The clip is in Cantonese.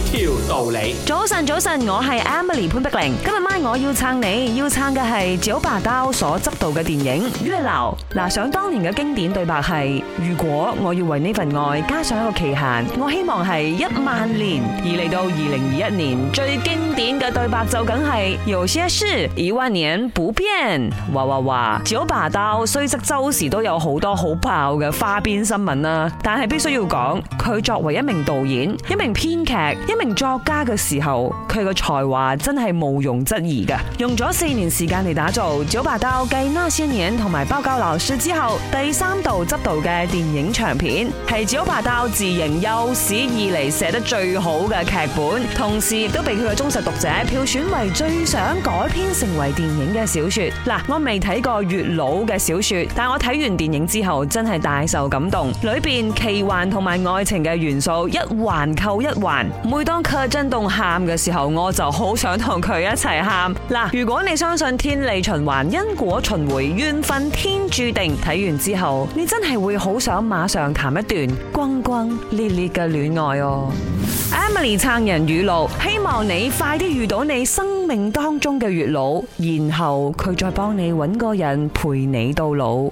條道理。早晨，早晨，我係 Emily 潘碧玲。今日晚我要撐你，要撐嘅係九把刀所執導嘅電影《月流》。嗱，想當年嘅經典對白係：如果我要為呢份愛加上一個期限，我希望係一萬年。而嚟到二零二一年，最經典嘅對白就梗係：有些事一萬年不變。哇哇哇！九把刀雖則周時都有好多好爆嘅花邊新聞啦，但係必須要講，佢作為一名導演、一名編劇。一名作家嘅時候，佢個才華真係毋庸置疑嘅。用咗四年時間嚟打造《九把刀繼》《那些年》同埋《報告老師》之後，第三度執導嘅電影長片是，係九把刀自《營幼史》以嚟寫得最好嘅劇本，同時亦都被佢嘅忠實讀者票選為最想改編成為電影嘅小說。嗱，我未睇過月老嘅小說，但我睇完電影之後，真係大受感動裡面。裏邊奇幻同埋愛情嘅元素一環扣一環。每當佢真動喊嘅時候，我就好想同佢一齊喊。嗱，如果你相信天理循環、因果循環、緣分天注定，睇完之後你真係會好想馬上談一段轟轟烈烈嘅戀愛哦。Emily 撐人語錄，希望你快啲遇到你生命當中嘅月老，然後佢再幫你揾個人陪你到老。